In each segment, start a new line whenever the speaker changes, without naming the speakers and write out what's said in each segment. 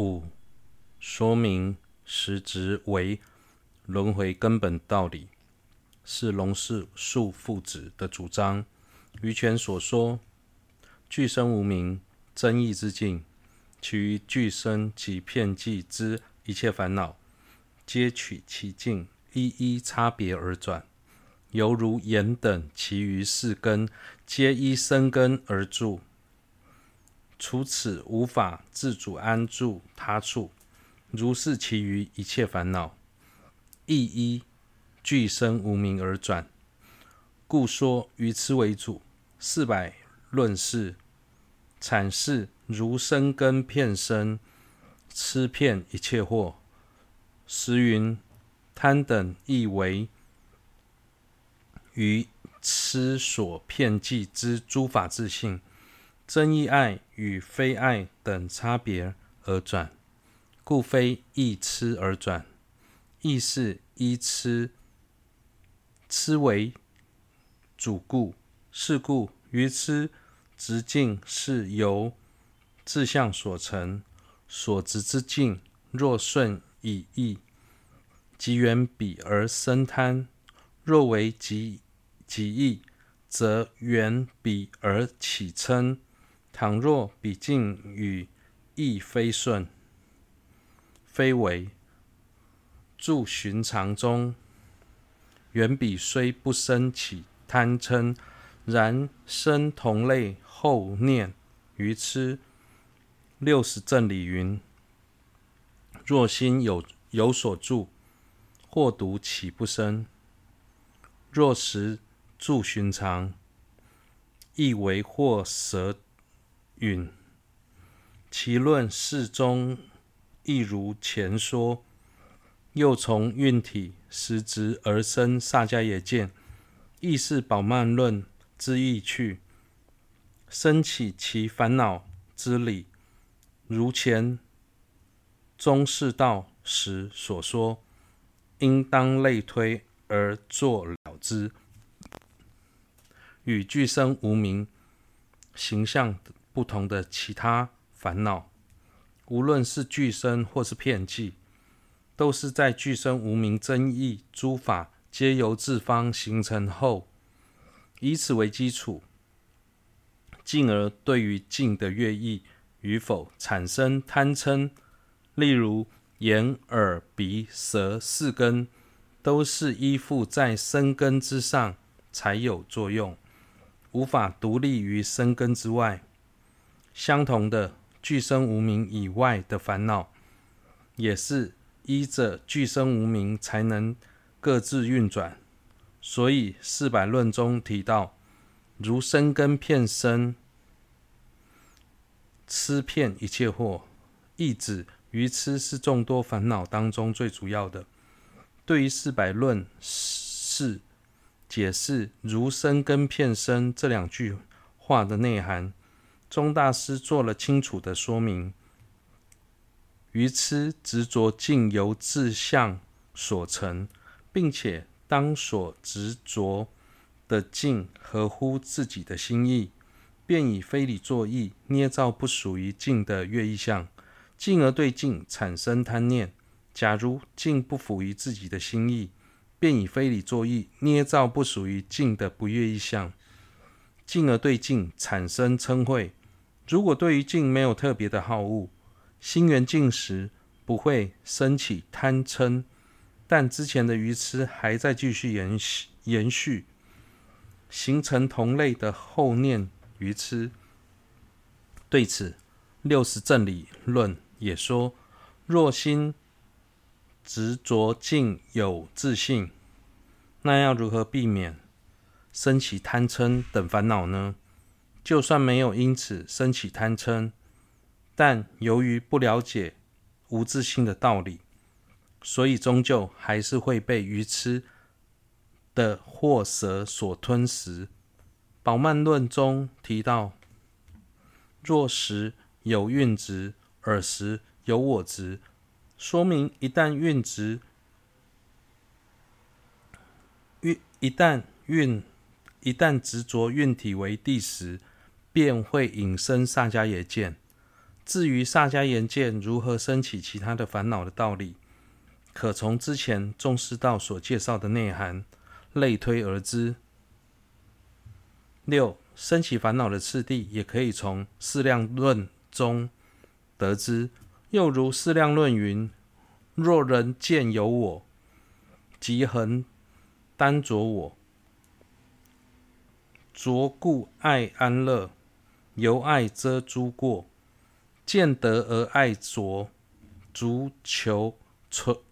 五、說明實執為輪迴根本道理，是龍樹父子的主張。於前所說，俱生無明，增益之境，其餘俱生及遍計之一切煩惱，皆取其境，一一差別而轉，猶如眼等其餘四根，皆依身根而住。除此無法自主安住他處，如是其餘一切煩惱，亦依俱生無明而轉，故說愚癡為主。四百論釋，闡釋如身根遍身，癡遍一切惑，時云貪等意為，亦為於痴所遍計之諸法自性。增益愛與非愛等差別而轉，故非異癡而轉。亦是依癡，癡為主故。是故愚癡執境是由自相所成，所執之境若順己意，即緣彼而生貪；若違己意，則緣彼而起嗔。倘若彼境與意非順、非違，住尋常中，緣彼雖不生起貪嗔，然生同類後念愚癡。六十正理云：若心有有所住，惑毒豈不生？若時住尋常，亦為惑蛇。允其論釋中亦如前說，又從蘊體實執而生薩迦耶見，亦是寶鬘論之意趣，生起其餘煩惱之理，如前中士道時所說，應當類推而作了知，與俱生無明行相不同的其他煩惱，無論是俱生或是遍計，都是在俱生無明增益諸法皆由自方形成後，以此為基礎，進而對於境的悅意與否產生貪嗔。例如眼、耳、鼻、舌四根，都是依附在身根之上才有作用，無法獨立於身根之外。相同的，俱生無明以外的煩惱，也是依着俱生無明才能各自運轉。所以《四百論》中提到，如身根遍身，癡遍一切惑，意指愚癡是眾多煩惱當中最主要的。對於《四百論釋》解釋如身根遍身這兩句話的內涵。宗大師做了清楚的說明：愚痴執着境由自相所成，並且當所執着的境合乎自己的心意，便以非理作意，捏造不屬於境的悅意相，進而對境產生貪念；假如境不符於自己的心意，便以非理作意，捏造不屬於境的不悅意相，進而對境產生嗔恚。如果對於境沒有特別的好惡，心緣境時不會生起貪嗔，但之前的愚癡還在繼續延續，形成同類的後念愚癡。對此，六十正理論也說：若心執着境有自性，那要如何避免生起貪嗔等煩惱呢？就算沒有因此生起貪嗔，但由於不了解無自性的道理，所以終究還是會被愚痴的惑蛇所吞食。寶鬘論中提到：“若時有蘊執，爾時有我執。”說明一旦蘊執，一旦蘊一,一旦執着蘊體為諦實，便會引生薩迦耶見。至於薩迦耶見如何生起其他的煩惱的道理，可從之前中士道所介紹的內涵類推而知。六、生起煩惱的次第，也可以從《釋量論》中得知。又如《釋量論》云：“若人見有我，即恆耽著我，着故愛安樂。”由愛遮諸過，見德而愛着，遂求存求，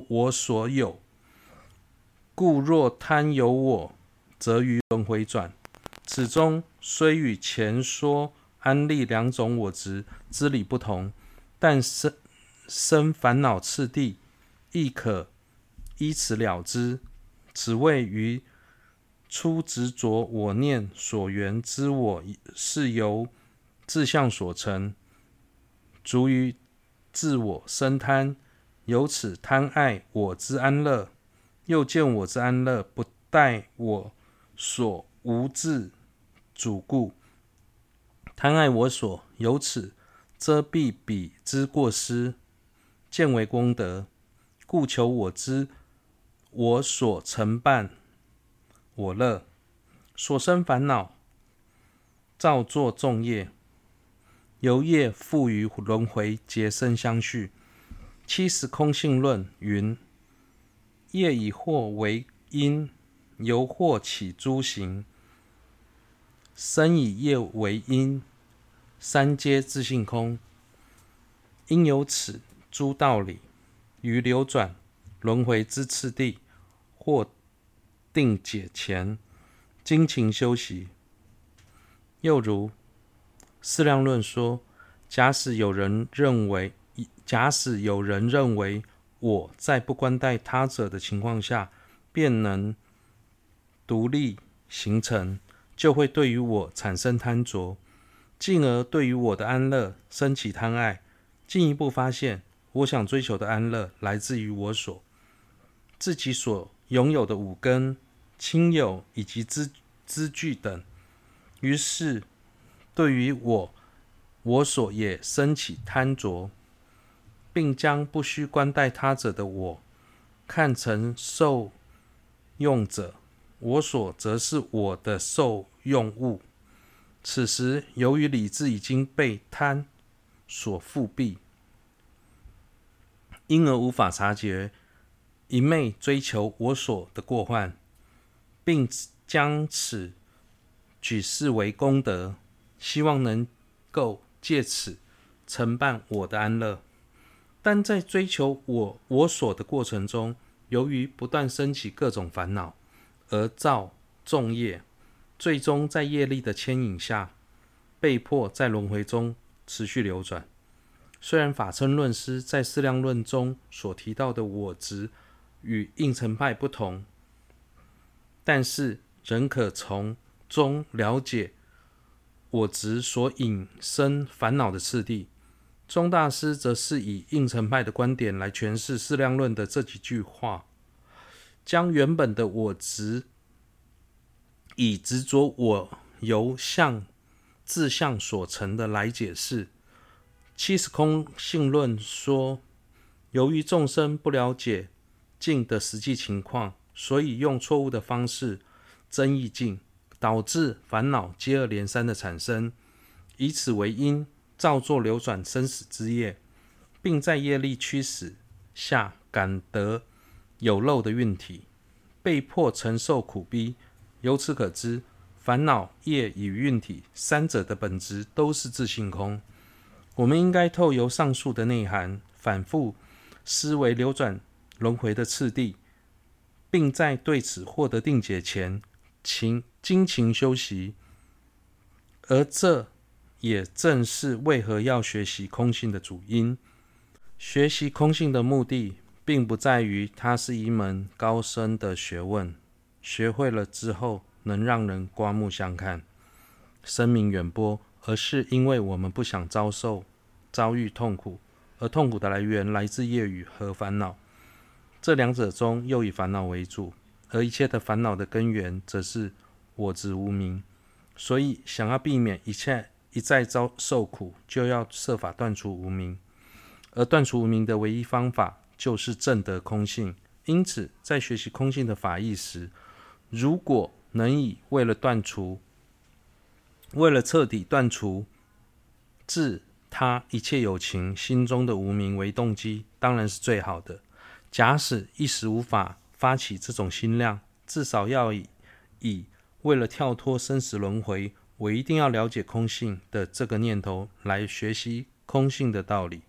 求我所有，故若貪有我，則於輪迴轉。此中雖與前說安立兩種我執之理不同，但生生煩惱次第，亦可依此了知。此謂於初執着我念所緣之我，是由自相所成，遂於自我生貪，由此貪愛我之安樂，又見我之安樂不待我所無自主故，貪愛我所，由此遮蔽彼之過失，見為功德，故求我之我所成辦。我樂所生煩惱，造作眾業，由業復於輪迴，結生相續。《七十空性論》云：業以惑為因，由惑起諸行；身以業為因，三皆自性空。應由此諸道理，於流轉輪迴之次第，或。定解前，精勤修習。又如《釋量論》說：假使有人認為，假使有人認為，我在不觀待他者的情況下，便能獨立形成，就會對於我產生貪着，進而對於我的安樂生起貪愛，進一步發現，我想追求的安樂來自於我所自己所擁有的五根。親友以及資資具等，於是對於我我所也生起貪著，並將不需觀待他者的我看成受用者，我所則是我的受用物。此時，由於理智已經被貪所覆蔽，因而無法察覺一味追求我所的過患。並將此舉視為功德，希望能夠借此成辦我的安樂。但在追求我我所的過程中，由於不斷生起各種煩惱，而造眾業，最終在業力的牽引下，被迫在輪迴中持續流轉。雖然法稱論師在《釋量論》中所提到的我執，與應成派不同。但是仍可從中了解我執所引生煩惱的次第。宗大師則是以應成派的觀點來詮釋《釋量論》的這幾句話，將原本的我執以執着我由相自相所成的來解釋。七十空性論說，由於眾生不了解境的實際情況。所以用錯誤的方式增益境，導致煩惱接二連三的產生，以此為因，造作流轉生死之業，並在業力驅使下感得有漏的蘊體，被迫承受苦逼。由此可知，煩惱、業與蘊體三者的本質都是自性空。我們應該透由上述的內涵，反覆思維流轉輪迴的次第。並在對此獲得定解前，勤精勤修習，而這也正是為何要學習空性的主因。學習空性的目的，並不在於它是一門高深的學問，學會了之後能讓人刮目相看、聲名遠播，而是因為我們不想遭受遭遇痛苦，而痛苦的來源來自業與和煩惱。這兩者中，又以煩惱為主，而一切的煩惱的根源，則是我執無明。所以，想要避免一切一再遭受苦，就要設法斷除無明。而斷除無明的唯一方法，就是證得空性。因此，在學習空性的法義時，如果能以為了斷除、為了徹底斷除自他一切有情心中的無明為動機，當然是最好的。假使一時無法發起這種心量，至少要以，以為了跳脫生死輪迴，我一定要了解空性的這個念頭來學習空性的道理。